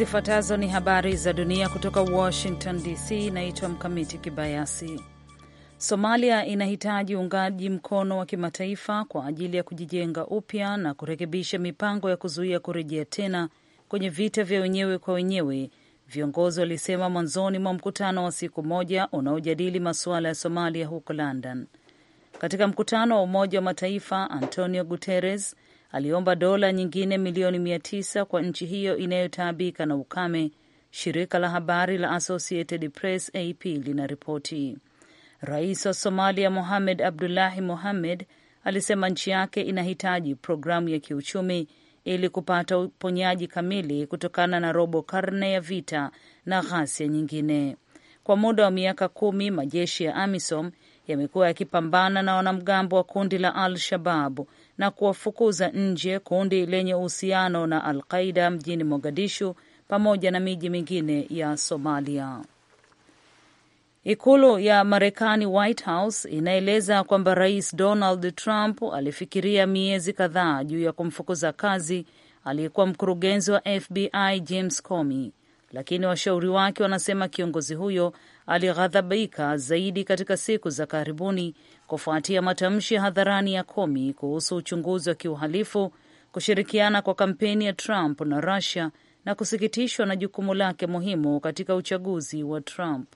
Zifuatazo ni habari za dunia kutoka Washington DC. inaitwa Mkamiti Kibayasi. Somalia inahitaji uungaji mkono wa kimataifa kwa ajili ya kujijenga upya na kurekebisha mipango ya kuzuia kurejea tena kwenye vita vya wenyewe kwa wenyewe, viongozi walisema mwanzoni mwa mkutano wa siku moja unaojadili masuala ya Somalia huko London. Katika mkutano wa Umoja wa Mataifa, Antonio Guterres aliomba dola nyingine milioni mia tisa kwa nchi hiyo inayotaabika na ukame, shirika la habari la Associated Press AP linaripoti. Rais wa Somalia Mohamed Abdullahi Mohamed alisema nchi yake inahitaji programu ya kiuchumi ili kupata uponyaji kamili kutokana na robo karne ya vita na ghasia nyingine. Kwa muda wa miaka kumi majeshi ya AMISOM yamekuwa yakipambana na wanamgambo wa kundi la Al Shababu na kuwafukuza nje kundi lenye uhusiano na Al Qaida mjini Mogadishu pamoja na miji mingine ya Somalia. Ikulu ya Marekani, White House, inaeleza kwamba Rais Donald Trump alifikiria miezi kadhaa juu ya kumfukuza kazi aliyekuwa mkurugenzi wa FBI James Comey, lakini washauri wake wanasema kiongozi huyo alighadhabika zaidi katika siku za karibuni kufuatia matamshi ya hadharani ya Komi kuhusu uchunguzi wa kiuhalifu, kushirikiana kwa kampeni ya Trump na Russia na kusikitishwa na jukumu lake muhimu katika uchaguzi wa Trump.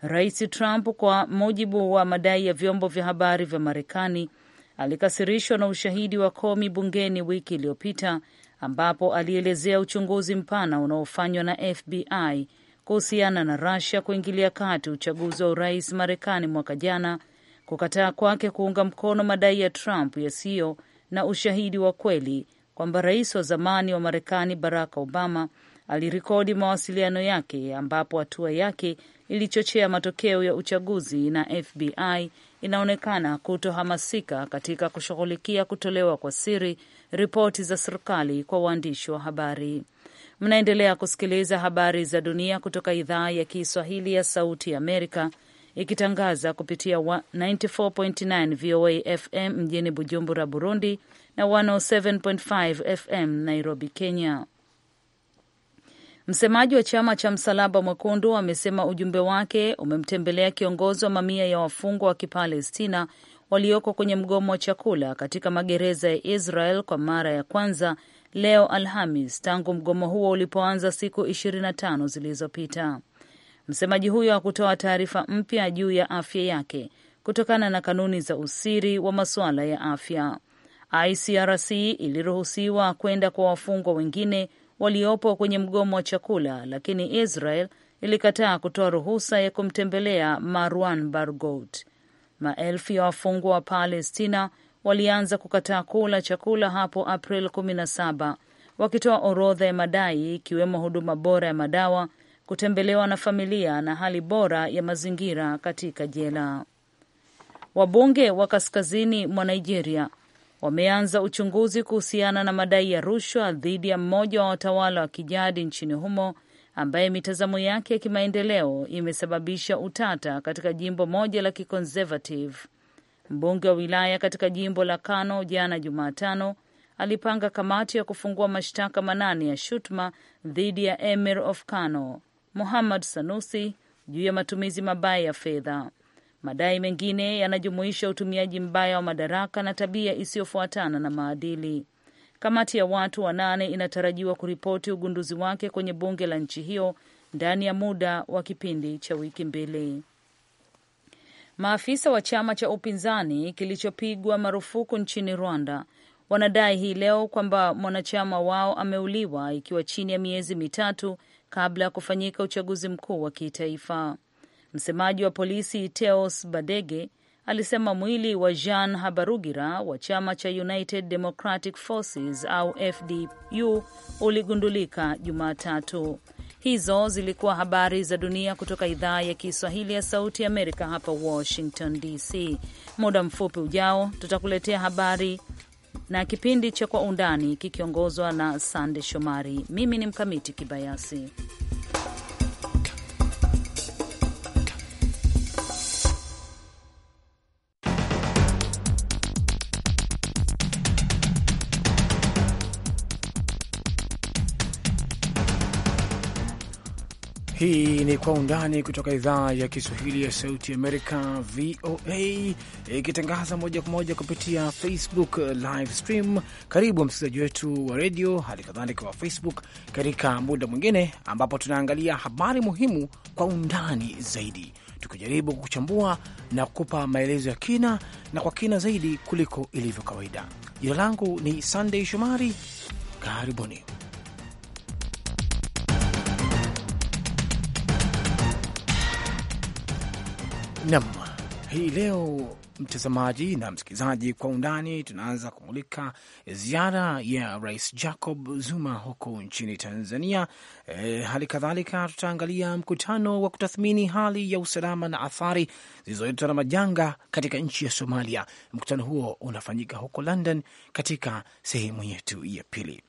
Rais Trump, kwa mujibu wa madai ya vyombo vya habari vya Marekani, alikasirishwa na ushahidi wa Komi bungeni wiki iliyopita, ambapo alielezea uchunguzi mpana unaofanywa na FBI kuhusiana na Russia kuingilia kati uchaguzi wa urais Marekani mwaka jana kukataa kwake kuunga mkono madai ya Trump yasiyo na ushahidi wa kweli kwamba rais wa zamani wa Marekani Barack Obama alirekodi mawasiliano yake, ambapo hatua yake ilichochea matokeo ya uchaguzi, na FBI inaonekana kutohamasika katika kushughulikia kutolewa kwa siri ripoti za serikali kwa waandishi wa habari. Mnaendelea kusikiliza habari za dunia kutoka idhaa ya Kiswahili ya Sauti ya Amerika ikitangaza kupitia 94.9 VOA FM mjini Bujumbura, Burundi na 107.5 FM Nairobi, Kenya. Msemaji wa chama cha Msalaba Mwekundu amesema ujumbe wake umemtembelea kiongozi wa mamia ya wafungwa wa Kipalestina walioko kwenye mgomo wa chakula katika magereza ya Israel kwa mara ya kwanza leo Alhamis tangu mgomo huo ulipoanza siku 25 zilizopita. Msemaji huyo hakutoa taarifa mpya juu ya afya yake kutokana na kanuni za usiri wa masuala ya afya. ICRC iliruhusiwa kwenda kwa wafungwa wengine waliopo kwenye mgomo wa chakula, lakini Israel ilikataa kutoa ruhusa ya kumtembelea Marwan Bargout. Maelfu ya wafungwa wa Palestina walianza kukataa kula chakula hapo April 17 wakitoa orodha ya madai ikiwemo huduma bora ya madawa kutembelewa na familia na hali bora ya mazingira katika jela. Wabunge wa kaskazini mwa Nigeria wameanza uchunguzi kuhusiana na madai ya rushwa dhidi ya mmoja wa watawala wa kijadi nchini humo ambaye mitazamo yake ya kimaendeleo imesababisha utata katika jimbo moja la kiconservative. Mbunge wa wilaya katika jimbo la Kano jana Jumatano alipanga kamati ya kufungua mashtaka manane ya shutuma dhidi ya Emir of Kano, Muhammad Sanusi juu ya matumizi mabaya ya fedha. Madai mengine yanajumuisha utumiaji mbaya wa madaraka na tabia isiyofuatana na maadili. Kamati ya watu wanane inatarajiwa kuripoti ugunduzi wake kwenye bunge la nchi hiyo ndani ya muda wa kipindi cha wiki mbili. Maafisa wa chama cha upinzani kilichopigwa marufuku nchini Rwanda wanadai hii leo kwamba mwanachama wao ameuliwa ikiwa chini ya miezi mitatu kabla ya kufanyika uchaguzi mkuu wa kitaifa. Msemaji wa polisi Teos Badege alisema mwili wa Jean Habarugira wa chama cha United Democratic Forces au FDU uligundulika Jumatatu. Hizo zilikuwa habari za dunia kutoka idhaa ya Kiswahili ya Sauti Amerika hapa Washington DC. Muda mfupi ujao tutakuletea habari na kipindi cha Kwa Undani kikiongozwa na Sande Shomari. Mimi ni Mkamiti Kibayasi. Hii ni Kwa Undani kutoka idhaa ya Kiswahili ya Sauti Amerika, VOA, ikitangaza moja kwa moja kupitia Facebook live stream. Karibu msikilizaji wetu wa redio, hali kadhalika wa Facebook, katika muda mwingine ambapo tunaangalia habari muhimu kwa undani zaidi, tukijaribu kuchambua na kupa maelezo ya kina na kwa kina zaidi kuliko ilivyo kawaida. Jina langu ni Sandey Shomari, karibuni. Nam, hii leo mtazamaji na msikilizaji, kwa undani tunaanza kumulika ziara ya Rais Jacob Zuma huko nchini Tanzania. E, hali kadhalika tutaangalia mkutano wa kutathmini hali ya usalama na athari zilizoletwa na majanga katika nchi ya Somalia. Mkutano huo unafanyika huko London katika sehemu yetu ya pili.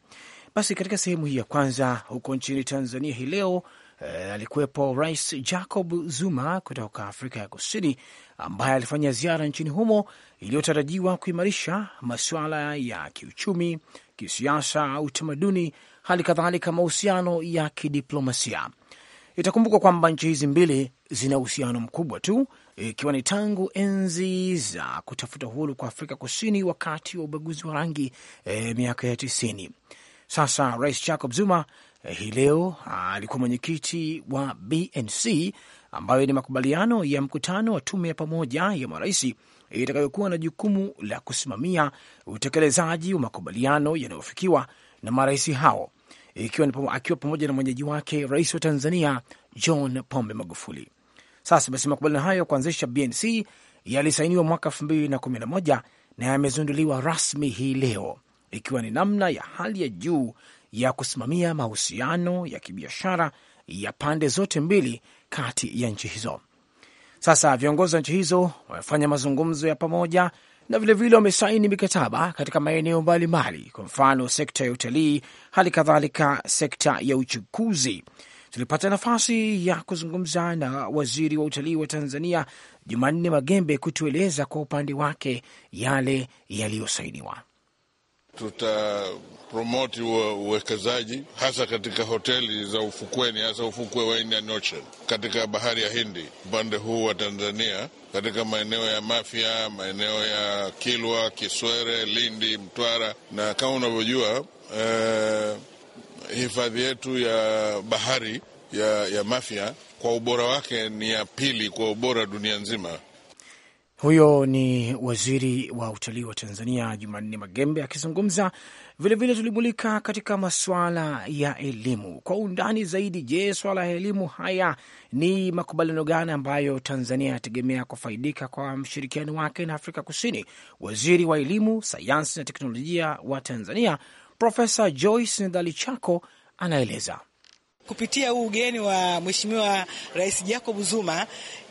Basi katika sehemu hii ya kwanza, huko nchini Tanzania hii leo eh, alikuwepo Rais Jacob Zuma kutoka Afrika ya Kusini ambaye alifanya ziara nchini humo iliyotarajiwa kuimarisha masuala ya kiuchumi, kisiasa, utamaduni, hali kadhalika mahusiano ya kidiplomasia. Itakumbukwa kwamba nchi hizi mbili zina uhusiano mkubwa tu, ikiwa ni tangu enzi za kutafuta uhuru kwa Afrika Kusini wakati wa ubaguzi wa rangi e, miaka ya tisini. Sasa Rais Jacob Zuma Eh, hii leo ah, alikuwa mwenyekiti wa BNC ambayo ni makubaliano ya mkutano wa tume ya pamoja ya maraisi eh, itakayokuwa na jukumu la kusimamia utekelezaji wa makubaliano yanayofikiwa na marais hao eh, ikiwa akiwa pamoja na mwenyeji wake rais wa Tanzania John Pombe Magufuli. Sasa basi, makubaliano hayo ya kuanzisha BNC yalisainiwa mwaka elfu mbili na kumi na moja na yamezinduliwa rasmi hii leo, ikiwa ni namna ya hali ya juu ya kusimamia mahusiano ya kibiashara ya pande zote mbili kati ya nchi hizo. Sasa viongozi wa nchi hizo wamefanya mazungumzo ya pamoja na vilevile wamesaini mikataba katika maeneo mbalimbali, kwa mfano sekta ya utalii, hali kadhalika sekta ya uchukuzi. Tulipata nafasi ya kuzungumza na waziri wa utalii wa Tanzania Jumanne Magembe kutueleza kwa upande wake yale yaliyosainiwa tutapromoti uwekezaji hasa katika hoteli za ufukweni, hasa ufukwe wa Indian Ocean, katika bahari ya Hindi upande huu wa Tanzania, katika maeneo ya Mafia, maeneo ya Kilwa, Kiswere, Lindi, Mtwara na kama unavyojua eh, hifadhi yetu ya bahari ya, ya Mafia kwa ubora wake ni ya pili kwa ubora dunia nzima. Huyo ni waziri wa utalii wa Tanzania Jumanne Magembe akizungumza. Vilevile tulimulika katika masuala ya elimu kwa undani zaidi. Je, swala ya elimu, haya ni makubaliano gani ambayo Tanzania yategemea kufaidika kwa mshirikiano wake na Afrika Kusini? Waziri wa elimu, sayansi na teknolojia wa Tanzania Profesa Joyce Ndalichako anaeleza kupitia huu ugeni wa Mheshimiwa Rais Jacob Zuma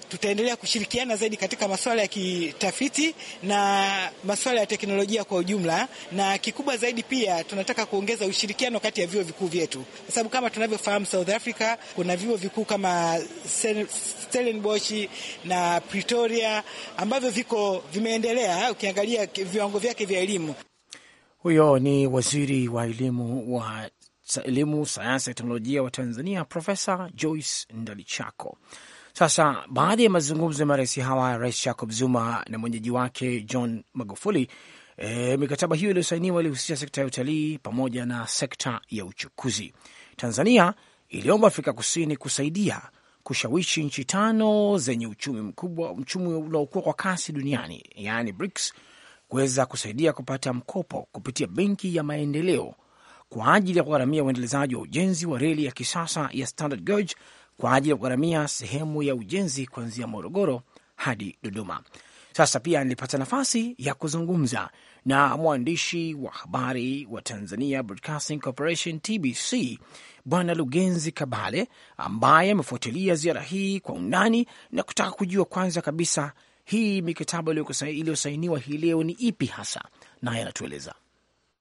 tutaendelea kushirikiana zaidi katika masuala ya kitafiti na masuala ya teknolojia kwa ujumla, na kikubwa zaidi pia tunataka kuongeza ushirikiano kati ya vyuo vikuu vyetu, kwa sababu kama tunavyofahamu South Africa kuna vyuo vikuu kama Stellenbosch na Pretoria ambavyo viko vimeendelea ukiangalia viwango vyake vya elimu. Huyo ni waziri wa elimu wa elimu, sayansi ya teknolojia wa Tanzania, Profesa Joyce Ndalichako. Sasa baada ya mazungumzo ya marais hawa, Rais Jacob Zuma na mwenyeji wake John Magufuli, e, mikataba hiyo iliyosainiwa ilihusisha sekta ya utalii pamoja na sekta ya uchukuzi. Tanzania iliomba Afrika Kusini kusaidia kushawishi nchi tano zenye uchumi mkubwa, uchumi unaokua kwa kasi duniani, yaani BRICS, kuweza kusaidia kupata mkopo kupitia Benki ya Maendeleo kwa ajili ya kugharamia uendelezaji wa ujenzi wa reli ya kisasa ya Standard Gauge kwa ajili ya kugharamia sehemu ya ujenzi kuanzia Morogoro hadi Dodoma. Sasa pia nilipata nafasi ya kuzungumza na mwandishi wa habari wa Tanzania Broadcasting Corporation, TBC, Bwana Lugenzi Kabale, ambaye amefuatilia ziara hii kwa undani na kutaka kujua kwanza kabisa hii mikataba iliyosainiwa hii leo ni ipi hasa, naye anatueleza.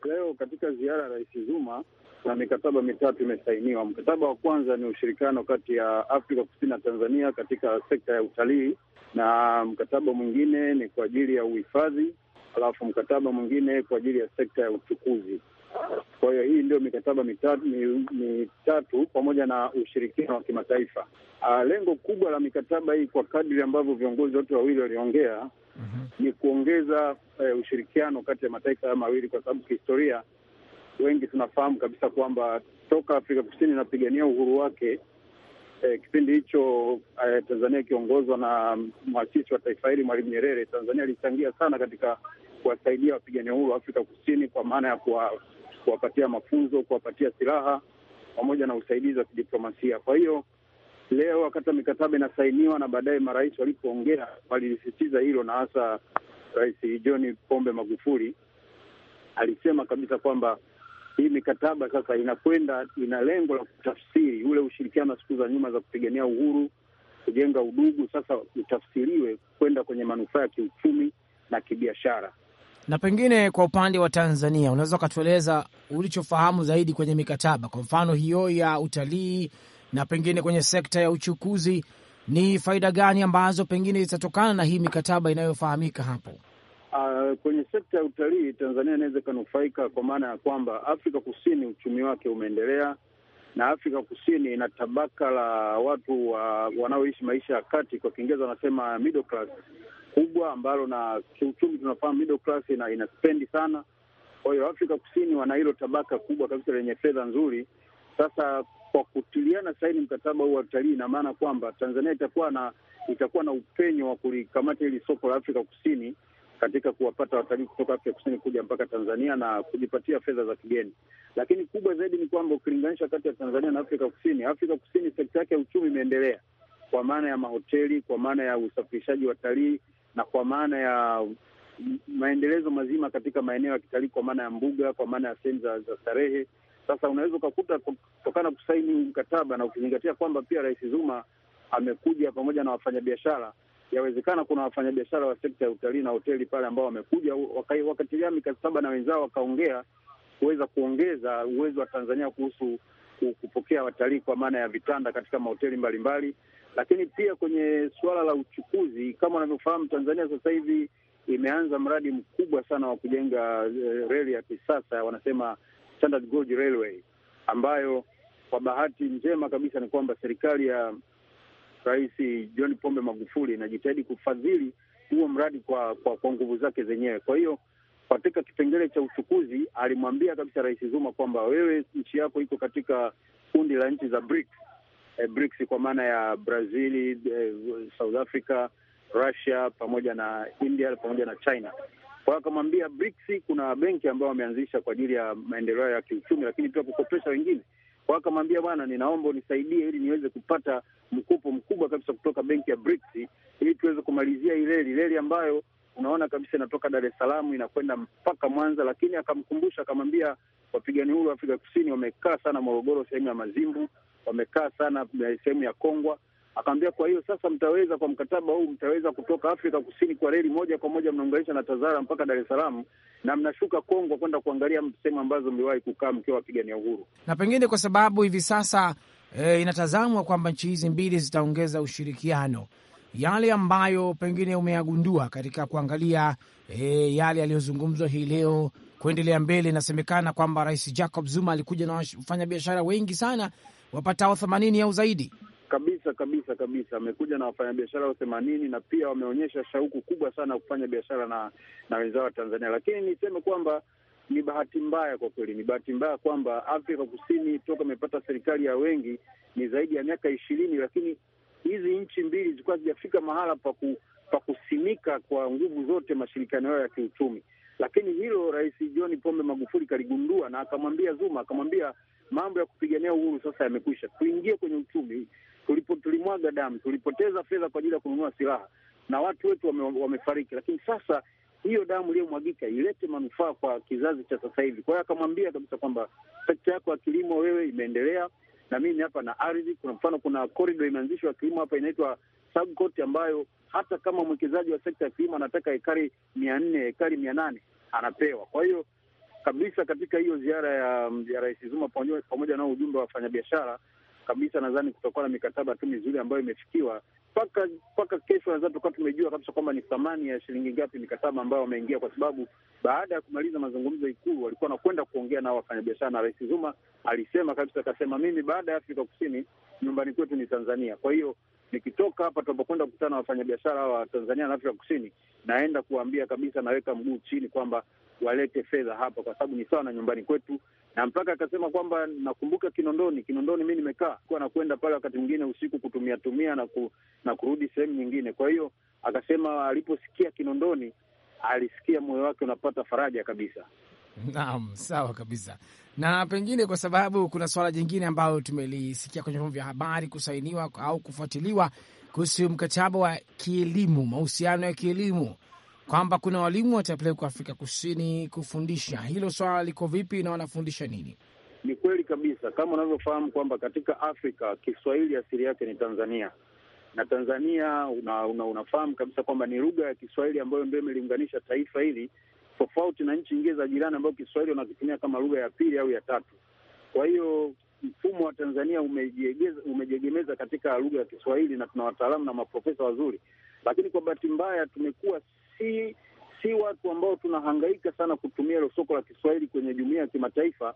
Leo katika ziara ya Rais Zuma na mikataba mitatu imesainiwa. Mkataba wa kwanza ni ushirikiano kati ya Afrika Kusini na Tanzania katika sekta ya utalii, na mkataba mwingine ni kwa ajili ya uhifadhi, alafu mkataba mwingine kwa ajili ya sekta ya uchukuzi. Kwa hiyo hii ndio mikataba mitatu, mitatu pamoja na ushirikiano wa kimataifa. Ah, lengo kubwa la mikataba hii kwa kadri ambavyo viongozi wote wawili waliongea, mm -hmm. ni kuongeza eh, ushirikiano kati ya mataifa haya mawili kwa sababu kihistoria wengi tunafahamu kabisa kwamba toka Afrika Kusini inapigania uhuru wake eh, kipindi hicho eh, Tanzania ikiongozwa na mwasisi wa taifa hili Mwalimu Nyerere, Tanzania ilichangia sana katika kuwasaidia wapigania uhuru wa Afrika Kusini kwa maana ya kuwapatia mafunzo, kuwapatia silaha pamoja na usaidizi wa kidiplomasia. Kwa hiyo leo wakati wa mikataba inasainiwa na baadaye marais walipoongea walisisitiza hilo, na hasa Rais John Pombe Magufuli alisema kabisa kwamba hii mikataba sasa inakwenda, ina lengo la kutafsiri ule ushirikiano siku za nyuma za kupigania uhuru, kujenga udugu, sasa utafsiriwe kwenda kwenye manufaa ya kiuchumi na kibiashara. Na pengine kwa upande wa Tanzania, unaweza ukatueleza ulichofahamu zaidi kwenye mikataba, kwa mfano hiyo ya utalii na pengine kwenye sekta ya uchukuzi, ni faida gani ambazo pengine zitatokana na hii mikataba inayofahamika hapo? kwenye sekta ya utalii Tanzania inaweza ikanufaika kwa maana ya kwamba Afrika Kusini uchumi wake umeendelea na Afrika Kusini ina tabaka la watu wa, wanaoishi maisha ya kati, kwa Kiingereza wanasema middle class kubwa, ambalo na kiuchumi tunafahamu middle class ina, ina spendi sana. Kwa hiyo Afrika Kusini wana hilo tabaka kubwa kabisa lenye fedha nzuri. Sasa kwa kutiliana saini mkataba huu wa utalii, ina maana kwamba Tanzania itakuwa na itakuwa na upenyo wa kulikamata hili soko la Afrika Kusini katika kuwapata watalii kutoka Afrika Kusini kuja mpaka Tanzania na kujipatia fedha za kigeni. Lakini kubwa zaidi ni kwamba ukilinganisha kati ya Tanzania na Afrika Kusini, Afrika Kusini sekta yake ya uchumi imeendelea kwa maana ya mahoteli, kwa maana ya usafirishaji wa talii na kwa maana ya maendelezo mazima katika maeneo ya kitalii, kwa maana ya mbuga, kwa maana ya sehemu za, za starehe. Sasa unaweza ukakuta kutokana kusaini mkataba na ukizingatia kwamba pia Rais Zuma amekuja pamoja na wafanyabiashara yawezekana kuna wafanyabiashara wa sekta ya utalii na hoteli pale ambao wamekuja wakatilia mikataba na wenzao wakaongea kuweza kuongeza uwezo wa Tanzania kuhusu kupokea watalii kwa maana ya vitanda katika mahoteli mbalimbali, lakini pia kwenye suala la uchukuzi. Kama unavyofahamu, Tanzania sasa hivi imeanza mradi mkubwa sana wa kujenga uh, reli ya kisasa wanasema standard gauge railway, ambayo kwa bahati njema kabisa ni kwamba serikali ya Rais John Pombe Magufuli inajitahidi kufadhili huo mradi kwa kwa, kwa nguvu zake zenyewe. Kwa hiyo katika kipengele cha uchukuzi alimwambia kabisa Rais Zuma kwamba wewe nchi yako iko katika kundi la nchi za BRICS. E, BRICS kwa maana ya Brazili, e, eh, South Africa, Russia pamoja na India pamoja na China. Kwa hiyo akamwambia BRICS kuna benki ambayo wameanzisha kwa ajili ya maendeleo ya kiuchumi, lakini pia kukopesha wengine wakamwambia bwana, ninaomba unisaidie ili niweze kupata mkopo mkubwa kabisa kutoka benki ya BRICS ili tuweze kumalizia hii reli reli ambayo unaona kabisa inatoka Dar es Salaam inakwenda mpaka Mwanza, lakini akamkumbusha akamwambia, wapigani huru wa Afrika Kusini wamekaa sana Morogoro, sehemu ya Mazimbu, wamekaa sana eh, sehemu ya Kongwa Akaambia kwa hiyo sasa mtaweza kwa mkataba huu mtaweza kutoka Afrika Kusini kwa reli moja kwa moja mnaunganisha na Tazara mpaka Dar es Salaam na mnashuka Kongwa kwenda kuangalia sehemu ambazo mliwahi kukaa mkiwa wapigania uhuru. Na pengine kwa sababu hivi sasa e, inatazamwa kwamba nchi hizi mbili zitaongeza ushirikiano, yale ambayo pengine umeyagundua katika kuangalia e, yale yaliyozungumzwa hii leo kuendelea mbele. Inasemekana kwamba Rais Jacob Zuma alikuja na wafanyabiashara wengi sana wapatao themanini au zaidi kabisa kabisa kabisa. Amekuja na wafanyabiashara wa themanini na pia wameonyesha shauku kubwa sana ya kufanya biashara na na wenzao wa Tanzania, lakini niseme kwamba ni bahati mbaya kwa kweli, ni bahati mbaya kwamba Afrika Kusini toka imepata serikali ya wengi ni zaidi ya miaka ishirini, lakini hizi nchi mbili zilikuwa zijafika mahala pa ku, pa kusimika kwa nguvu zote mashirikiano yao ya kiuchumi. Lakini hilo Rais John Pombe Magufuli kaligundua na akamwambia Zuma, akamwambia mambo ya kupigania uhuru sasa yamekwisha, tuingie kwenye uchumi, tulipo, tulimwaga damu, tulipoteza fedha kwa ajili ya kununua silaha na watu wetu wame, wamefariki. Lakini sasa hiyo damu iliyomwagika ilete manufaa kwa kizazi cha sasa hivi. Kwa hiyo akamwambia kabisa kwamba sekta yako ya kilimo wewe imeendelea na mimi hapa na ardhi. Kuna mfano, kuna korido imeanzishwa ya kilimo hapa inaitwa Subcourt, ambayo hata kama mwekezaji wa sekta ya kilimo anataka hekari mia nne hekari mia nane anapewa. Kwa hiyo kabisa katika hiyo ziara ya, ya Rais Zuma pamoja na ujumbe wa wafanyabiashara kabisa. Nadhani kutakuwa na mikataba tu mizuri ambayo imefikiwa mpaka mpaka kesho, nadhani tutakuwa tumejua kabisa kwamba ni thamani ya shilingi ngapi mikataba ambayo wameingia, kwa sababu baada ya kumaliza mazungumzo Ikulu walikuwa wanakwenda kuongea nao wafanyabiashara, na Rais Zuma alisema kabisa, akasema mimi baada ya Afrika Kusini nyumbani kwetu ni Tanzania, kwa hiyo nikitoka hapa tunapokwenda kukutana na wafanyabiashara wa Tanzania na Afrika Kusini, naenda kuwaambia kabisa, naweka mguu chini kwamba walete fedha hapa, kwa sababu ni sawa na nyumbani kwetu, na mpaka akasema kwamba nakumbuka Kinondoni, Kinondoni mi nimekaa kuwa nakwenda pale wakati mwingine usiku kutumia tumia na, ku, na kurudi sehemu nyingine. Kwa hiyo akasema aliposikia Kinondoni alisikia moyo wake unapata faraja kabisa. Naam, sawa kabisa. Na pengine kwa sababu kuna suala jingine ambayo tumelisikia kwenye vyombo vya habari kusainiwa au kufuatiliwa kuhusu mkataba wa kielimu, mahusiano ya kielimu kwamba kuna walimu watapelekwa Afrika Kusini kufundisha. Hilo swala liko vipi na wanafundisha nini? Ni kweli kabisa, kama unavyofahamu kwamba katika Afrika Kiswahili asili yake ni Tanzania na Tanzania una, una, unafahamu kabisa kwamba ni lugha ya Kiswahili ambayo ndio imeliunganisha taifa hili tofauti na nchi nyingine za jirani ambayo Kiswahili wanakitumia kama lugha ya pili au ya tatu. Kwa hiyo mfumo wa Tanzania umejiegemeza katika lugha ya Kiswahili na tuna wataalamu na maprofesa wazuri, lakini kwa bahati mbaya tumekuwa si si watu ambao tunahangaika sana kutumia hilo soko la Kiswahili kwenye jumuiya ya kimataifa.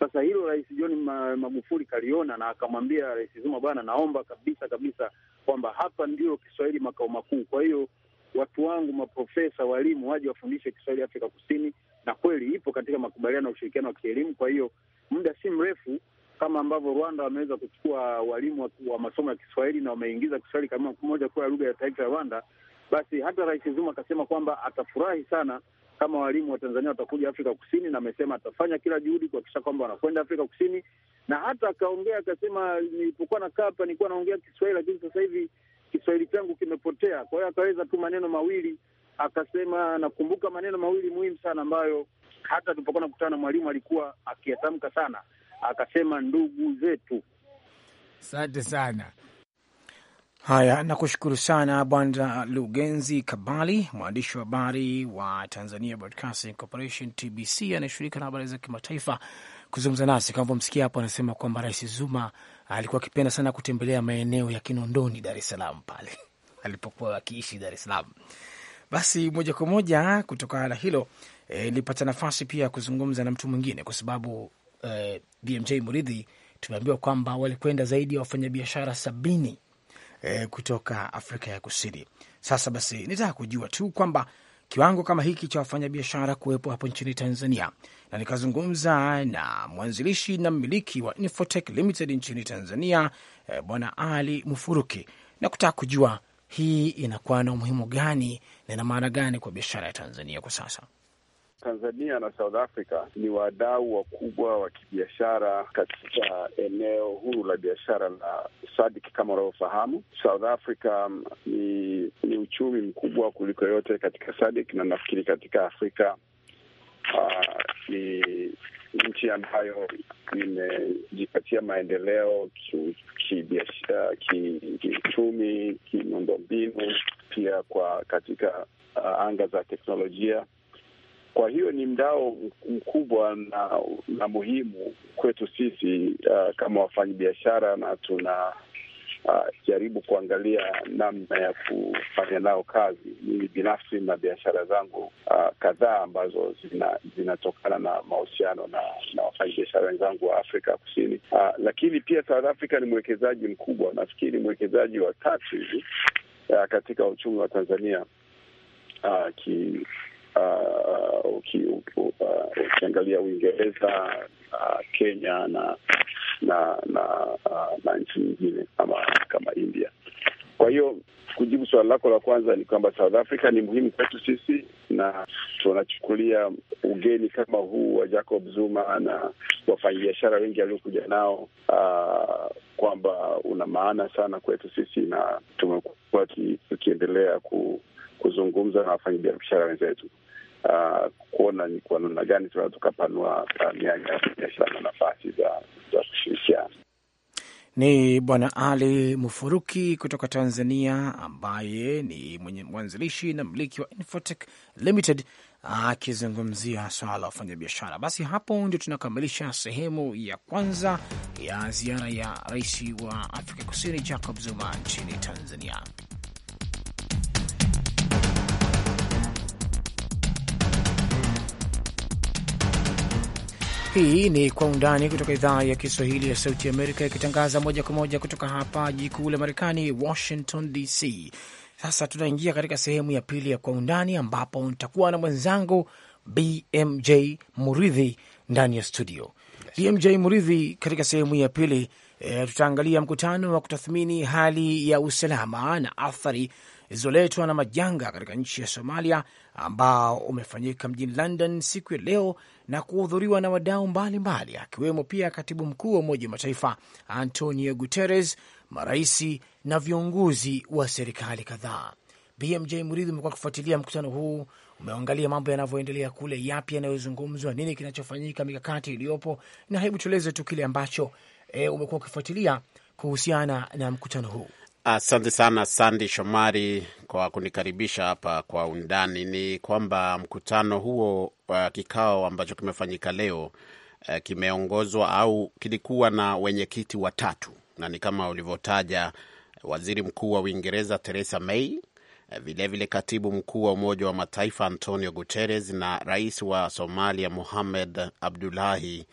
Sasa hilo Rais John Magufuli kaliona na akamwambia Rais Zuma, bwana, naomba kabisa kabisa kwamba hapa ndio Kiswahili makao makuu. Kwa hiyo watu wangu, maprofesa, walimu, waje wafundishe Kiswahili Afrika Kusini, na kweli ipo katika makubaliano ya ushirikiano wa kielimu. Kwa hiyo muda si mrefu kama ambavyo Rwanda wameweza kuchukua walimu wa, masomo ya Kiswahili na wameingiza Kiswahili kama moja kuwa lugha ya taifa ya Rwanda, basi hata Rais Zuma akasema kwamba atafurahi sana kama walimu wa Tanzania watakuja Afrika Kusini, na amesema atafanya kila juhudi kuhakikisha kwamba wanakwenda Afrika Kusini, na hata akaongea akasema, nilipokuwa nakaa hapa nilikuwa naongea Kiswahili, lakini sasa hivi Kiswahili changu kimepotea. Kwa hiyo akaweza tu maneno mawili akasema, nakumbuka maneno mawili muhimu sana ambayo hata tulipokuwa nakutana na mwalimu alikuwa akiyatamka sana, akasema ndugu zetu. Asante sana. Haya, nakushukuru sana Bwana Lugenzi Kabali, mwandishi wa habari wa Tanzania Broadcasting Corporation, TBC, anayeshughulika na habari za kimataifa kuzungumza nasi. Kama msikia hapo, anasema kwamba Rais Zuma alikuwa akipenda sana kutembelea maeneo ya Kinondoni, Dar es Salaam, pale alipokuwa akiishi Dar es Salaam. Basi moja kwa moja kutokana na hilo e, nilipata e, nafasi pia ya kuzungumza na mtu mwingine kwa sababu e, BMJ Muridhi, tumeambiwa kwamba walikwenda zaidi ya wafanyabiashara sabini e, kutoka Afrika ya Kusini. Sasa basi, nitaka kujua tu kwamba kiwango kama hiki cha wafanyabiashara kuwepo hapo nchini Tanzania, na nikazungumza na mwanzilishi na mmiliki wa Infotech Limited nchini Tanzania, e, Bwana Ali Mufuruki, na kutaka kujua hii inakuwa na umuhimu gani na ina maana gani kwa biashara ya Tanzania kwa sasa. Tanzania na South Africa ni wadau wakubwa wa kibiashara katika eneo huru la biashara la SADC kama unavyofahamu. South Africa um, ni, ni uchumi mkubwa kuliko yote katika SADC na nafikiri katika Afrika uh, ni nchi ambayo imejipatia maendeleo kiuchumi, ki, ki, kimiundo mbinu pia kwa katika uh, anga za teknolojia kwa hiyo ni mdao mkubwa na, na muhimu kwetu sisi uh, kama wafanyabiashara na tuna Uh, kuangalia namna ya kufanya nao kazi. Mimi binafsi na biashara zangu uh, kadhaa ambazo zinatokana zina na mahusiano na, na wafanyabiashara wenzangu wa Afrika Kusini uh, lakini pia South Africa ni mwekezaji mkubwa, nafikiri mwekezaji wa tatu hivi uh, katika uchumi wa Tanzania uh, ki, Uh, uh, ukiangalia uh, uh, Uingereza uh, Kenya na na na, uh, na nchi nyingine kama kama India. Kwa hiyo kujibu suala lako la kwanza ni kwamba South Africa ni muhimu kwetu sisi, na tunachukulia ugeni kama huu wa Jacob Zuma na wafanyabiashara wengi waliokuja nao uh, kwamba una maana sana kwetu sisi, na tumekuwa tukiendelea ku, kuzungumza na wafanyabiashara wenzetu uh, kuona ni kwa namna gani tunaweza tukapanua uh, mianya ya biashara na nafasi za, za kushirikiana. Ni Bwana Ali Mufuruki kutoka Tanzania, ambaye ni mwenye mwanzilishi na mmiliki wa Infotech Limited akizungumzia swala la wafanyabiashara. Basi hapo ndio tunakamilisha sehemu ya kwanza ya ziara ya rais wa Afrika Kusini Jacob Zuma nchini Tanzania. Hii ni Kwa Undani kutoka idhaa ya Kiswahili ya Sauti Amerika, ikitangaza moja kwa moja kutoka hapa jiji kuu la Marekani, Washington DC. Sasa tunaingia katika sehemu ya pili ya Kwa Undani, ambapo nitakuwa na mwenzangu BMJ Muridhi ndani ya studio. BMJ Muridhi, katika sehemu ya pili e, tutaangalia mkutano wa kutathmini hali ya usalama na athari zilizoletwa na majanga katika nchi ya Somalia ambao umefanyika mjini London siku ya leo na kuhudhuriwa na wadau mbalimbali akiwemo pia katibu mkuu wa Umoja wa Mataifa Antonio Guterres, maraisi na viongozi wa serikali kadhaa. BMJ Muridhi, umekuwa kufuatilia mkutano huu, umeangalia mambo yanavyoendelea kule, yapi yanayozungumzwa, nini kinachofanyika, mikakati iliyopo, na hebu tueleze tu kile ambacho e, umekuwa ukifuatilia kuhusiana na mkutano huu. Asante sana Sandi Shomari kwa kunikaribisha hapa kwa undani. Ni kwamba mkutano huo wa uh, kikao ambacho kimefanyika leo uh, kimeongozwa au kilikuwa na wenyekiti watatu, na ni kama ulivyotaja, waziri mkuu wa Uingereza Theresa May, vilevile uh, vile katibu mkuu wa Umoja wa Mataifa Antonio Guterres na rais wa Somalia Mohamed Abdullahi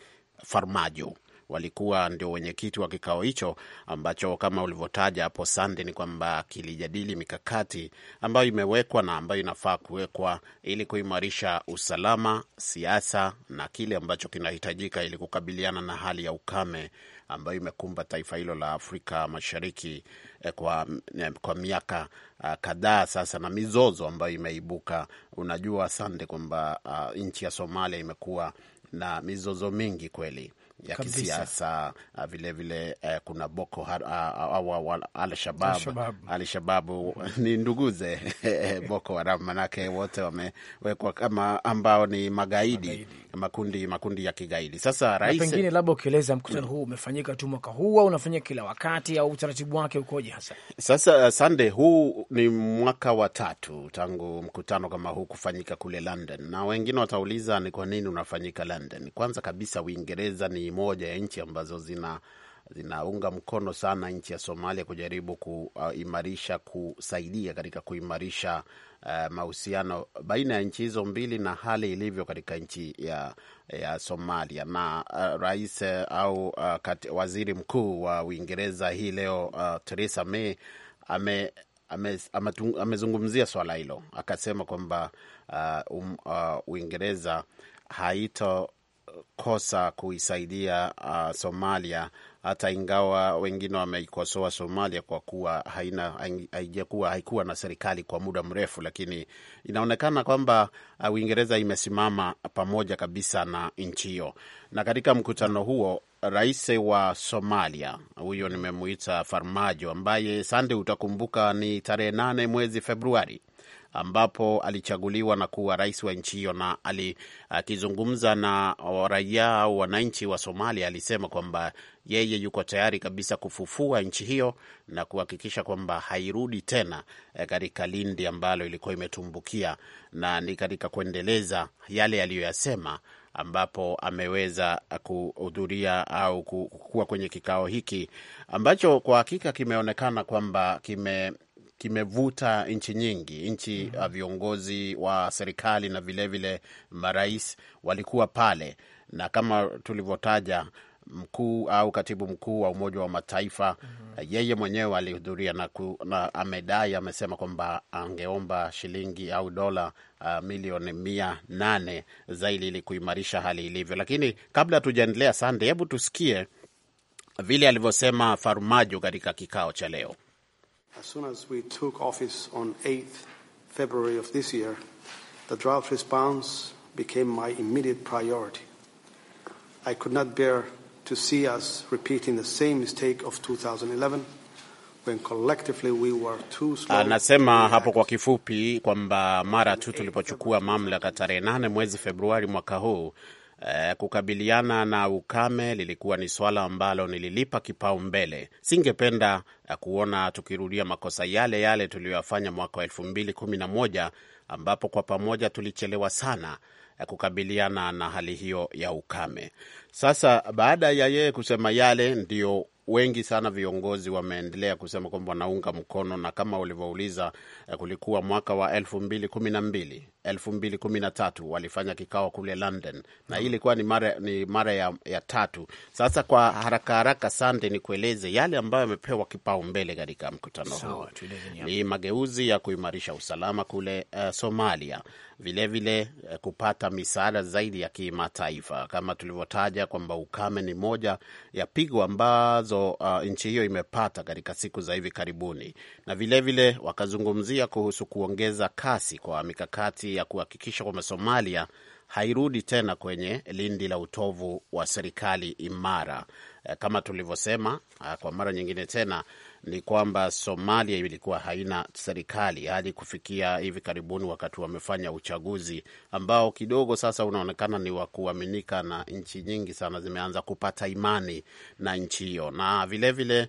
Farmajo walikuwa ndio wenyekiti wa kikao hicho ambacho kama ulivyotaja hapo Sande, ni kwamba kilijadili mikakati ambayo imewekwa na ambayo inafaa kuwekwa ili kuimarisha usalama, siasa na kile ambacho kinahitajika ili kukabiliana na hali ya ukame ambayo imekumba taifa hilo la Afrika Mashariki eh, kwa, eh, kwa miaka ah, kadhaa sasa na mizozo ambayo imeibuka. Unajua Sande, kwamba uh, nchi ya Somalia imekuwa na mizozo mingi kweli ya kisiasa vilevile. Ah, eh, kuna Boko ah, ah, Alshababu, Alshababu ni nduguze eh, Boko Haram, manake wote wamewekwa kama ambao ni magaidi, magaidi makundi makundi ya kigaidi. Sasa rais, pengine labda ukieleza mkutano huu umefanyika tu mwaka huu au unafanyika kila wakati au utaratibu wake ukoje hasa? Sasa uh, sande, huu ni mwaka wa tatu tangu mkutano kama huu kufanyika kule London, na wengine watauliza ni kwa nini unafanyika London. Kwanza kabisa, Uingereza ni moja ya nchi ambazo zina zinaunga mkono sana nchi ya Somalia kujaribu kuimarisha, kusaidia katika kuimarisha uh, mahusiano baina ya nchi hizo mbili na hali ilivyo katika nchi ya, ya Somalia. Na uh, rais eh, au uh, kat, waziri mkuu wa uh, Uingereza hii leo uh, Theresa May ame amezungumzia swala hilo akasema kwamba uh, um, uh, Uingereza haito kosa kuisaidia uh, Somalia hata ingawa wengine wameikosoa Somalia kwa kuwa haina haijakuwa haikuwa na serikali kwa muda mrefu, lakini inaonekana kwamba uh, Uingereza imesimama pamoja kabisa na nchi hiyo. Na katika mkutano huo, rais wa Somalia huyo nimemuita Farmajo, ambaye Sande utakumbuka ni tarehe nane mwezi Februari ambapo alichaguliwa na kuwa rais wa nchi hiyo, na akizungumza na raia au wananchi wa Somalia alisema kwamba yeye yuko tayari kabisa kufufua nchi hiyo na kuhakikisha kwamba hairudi tena eh, katika lindi ambalo ilikuwa imetumbukia, na ni katika kuendeleza yale aliyoyasema ambapo ameweza kuhudhuria au kuwa kwenye kikao hiki ambacho kwa hakika kimeonekana kwamba kime kimevuta nchi nyingi nchi mm -hmm. Viongozi wa serikali na vilevile marais walikuwa pale, na kama tulivyotaja mkuu au katibu mkuu wa Umoja wa Mataifa mm -hmm. yeye mwenyewe alihudhuria na, na amedai amesema kwamba angeomba shilingi au dola uh, milioni mia nane zaidi ili kuimarisha hali ilivyo. Lakini kabla tujaendelea Sande, hebu tusikie vile alivyosema Farmajo katika kikao cha leo. As soon as we took office on 8th February of this year, the drought response became my immediate priority. I could not bear to see us repeating the same mistake of 2011 when collectively we were too ah, slow. Anasema hapo kwa kifupi kwamba mara tu tulipochukua mamlaka tarehe 8 mwezi Februari mwaka huu eh, kukabiliana na ukame lilikuwa ni swala ambalo nililipa kipaumbele. Singependa eh, kuona tukirudia makosa yale yale tuliyoyafanya mwaka wa elfu mbili kumi na moja ambapo kwa pamoja tulichelewa sana eh, kukabiliana na hali hiyo ya ukame. Sasa baada ya yeye kusema yale, ndio wengi sana viongozi wameendelea kusema kwamba wanaunga mkono, na kama ulivyouliza, eh, kulikuwa mwaka wa elfu mbili kumi na mbili 2013 walifanya kikao kule London na hii ilikuwa ni mara, ni mara ya, ya tatu. Sasa kwa haraka haraka, Sande, ni kueleze yale ambayo yamepewa kipaumbele katika mkutano huo. Ni mageuzi ya kuimarisha usalama kule uh, Somalia, vilevile vile, uh, kupata misaada zaidi ya kimataifa kama tulivyotaja kwamba ukame ni moja ya pigo ambazo uh, nchi hiyo imepata katika siku za hivi karibuni, na vilevile vile, wakazungumzia kuhusu kuongeza kasi kwa mikakati ya kuhakikisha kwamba Somalia hairudi tena kwenye lindi la utovu wa serikali imara. Eh, kama tulivyosema eh, kwa mara nyingine tena, ni kwamba Somalia ilikuwa haina serikali hadi kufikia hivi karibuni, wakati wamefanya uchaguzi ambao kidogo sasa unaonekana ni wa kuaminika, na nchi nyingi sana zimeanza kupata imani na nchi hiyo, na vilevile vile,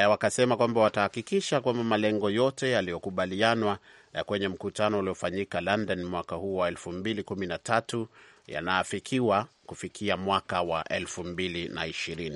e, wakasema kwamba watahakikisha kwamba malengo yote yaliyokubalianwa Eh, kwenye mkutano uliofanyika London mwaka huu wa 2013 yanaafikiwa kufikia mwaka wa 2020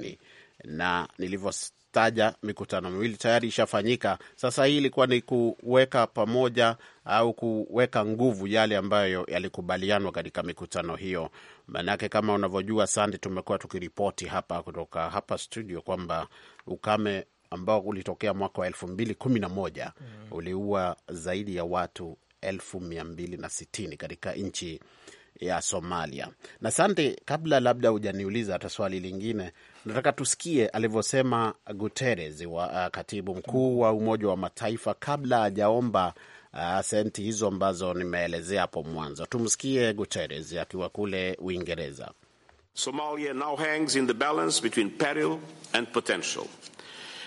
na na nilivyotaja mikutano miwili tayari ishafanyika. Sasa hii ilikuwa ni kuweka pamoja au kuweka nguvu yale ambayo yalikubalianwa katika mikutano hiyo. Maanake kama unavyojua, Sande, tumekuwa tukiripoti hapa kutoka hapa studio kwamba ukame ambao ulitokea mwaka wa elfu mbili kumi na moja mm. uliua zaidi ya watu elfu mia mbili na sitini katika nchi ya Somalia. Na sante, kabla labda hujaniuliza hata swali lingine, nataka tusikie alivyosema Guterres wa uh, katibu mkuu wa Umoja wa Mataifa kabla hajaomba uh, senti hizo ambazo nimeelezea hapo mwanzo. Tumsikie Guterres akiwa kule Uingereza. Somalia now hangs in the balance between peril and potential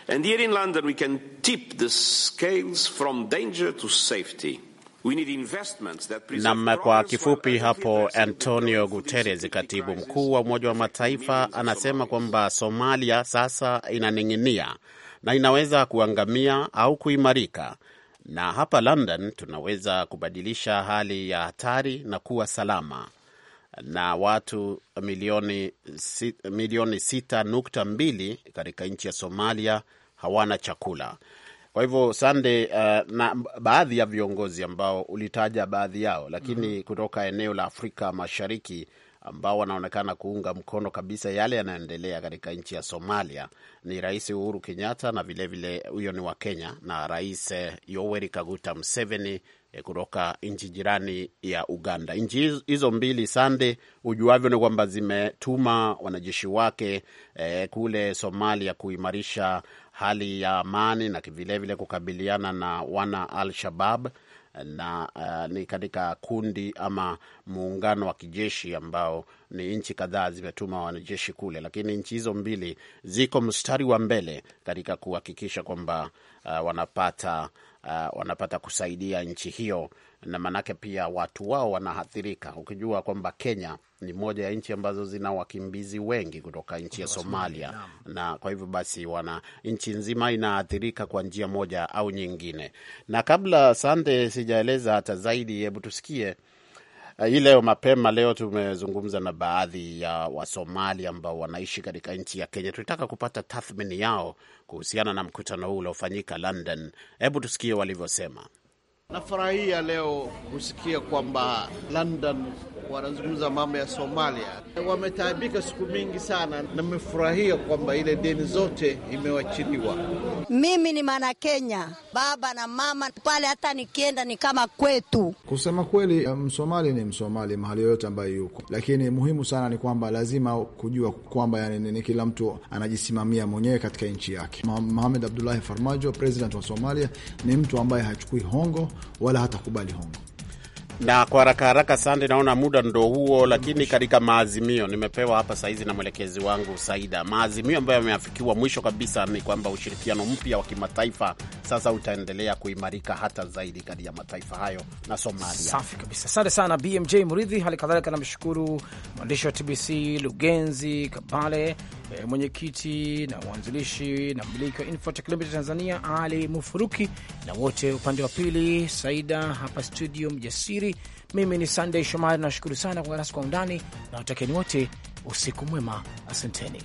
And here in London, we can tip the scales from danger to safety. Nam, kwa kifupi hapo, Antonio Guterres, katibu mkuu wa Umoja wa Mataifa, anasema kwamba Somalia sasa inaning'inia na inaweza kuangamia au kuimarika, na hapa London tunaweza kubadilisha hali ya hatari na kuwa salama na watu milioni, si, milioni sita nukta mbili katika nchi ya Somalia hawana chakula. Kwa hivyo Sande, uh, na baadhi ya viongozi ambao ulitaja baadhi yao, lakini mm -hmm. kutoka eneo la Afrika Mashariki ambao wanaonekana kuunga mkono kabisa yale yanayoendelea katika nchi ya Somalia ni Rais Uhuru Kenyatta na vilevile huyo vile, ni wa Kenya na Rais eh, Yoweri Kaguta Museveni Eh, kutoka nchi jirani ya Uganda. Nchi hizo mbili Sande, ujuavyo ni kwamba zimetuma wanajeshi wake eh, kule Somalia kuimarisha hali ya amani na vilevile kukabiliana na wana Al Shabab eh, na uh, ni katika kundi ama muungano wa kijeshi ambao ni nchi kadhaa zimetuma wanajeshi kule, lakini nchi hizo mbili ziko mstari wa mbele katika kuhakikisha kwamba uh, wanapata uh, wanapata kusaidia nchi hiyo, na maanake pia watu wao wanaathirika, ukijua kwamba Kenya ni moja ya nchi ambazo zina wakimbizi wengi kutoka nchi ya Somalia, na kwa hivyo basi wana nchi nzima inaathirika kwa njia moja au nyingine. Na kabla sande sijaeleza hata zaidi, hebu tusikie Eh, hii leo mapema leo tumezungumza na baadhi ya Wasomali ambao wanaishi katika nchi ya Kenya. Tulitaka kupata tathmini yao kuhusiana na mkutano huu uliofanyika London. Hebu tusikie walivyosema. Nafurahia leo kusikia kwamba London wanazungumza mambo ya Somalia. Wametaabika siku mingi sana, namefurahia nimefurahia kwamba ile deni zote imewachiliwa. Mimi ni mwana Kenya, baba na mama pale, hata nikienda ni kama kwetu. Kusema kweli, Msomali um, ni Msomali mahali yoyote ambayo yuko, lakini muhimu sana ni kwamba lazima kujua kwamba yani, ni kila mtu anajisimamia mwenyewe katika nchi yake. Mohamed Abdullahi Farmajo, president wa Somalia, ni mtu ambaye hachukui hongo wala hatakubali hongo. Na kwa haraka haraka sande, naona muda ndo huo, lakini katika maazimio nimepewa hapa saizi na mwelekezi wangu Saida, maazimio ambayo yameafikiwa mwisho kabisa ni kwamba ushirikiano mpya wa kimataifa sasa utaendelea kuimarika hata zaidi kati ya mataifa hayo na Somalia. Safi kabisa, asante sana BMJ mridhi Hali kadhalika namshukuru mwandishi wa TBC Lugenzi Kabale Eh, mwenyekiti na mwanzilishi na mmiliki wa Infotech Limited Tanzania Ali Mufuruki, na wote upande wa pili Saida hapa studio Mjasiri. Mimi ni sandey Shomari, nashukuru sana kuungana nasi kwa undani na watakieni wote usiku mwema, asanteni.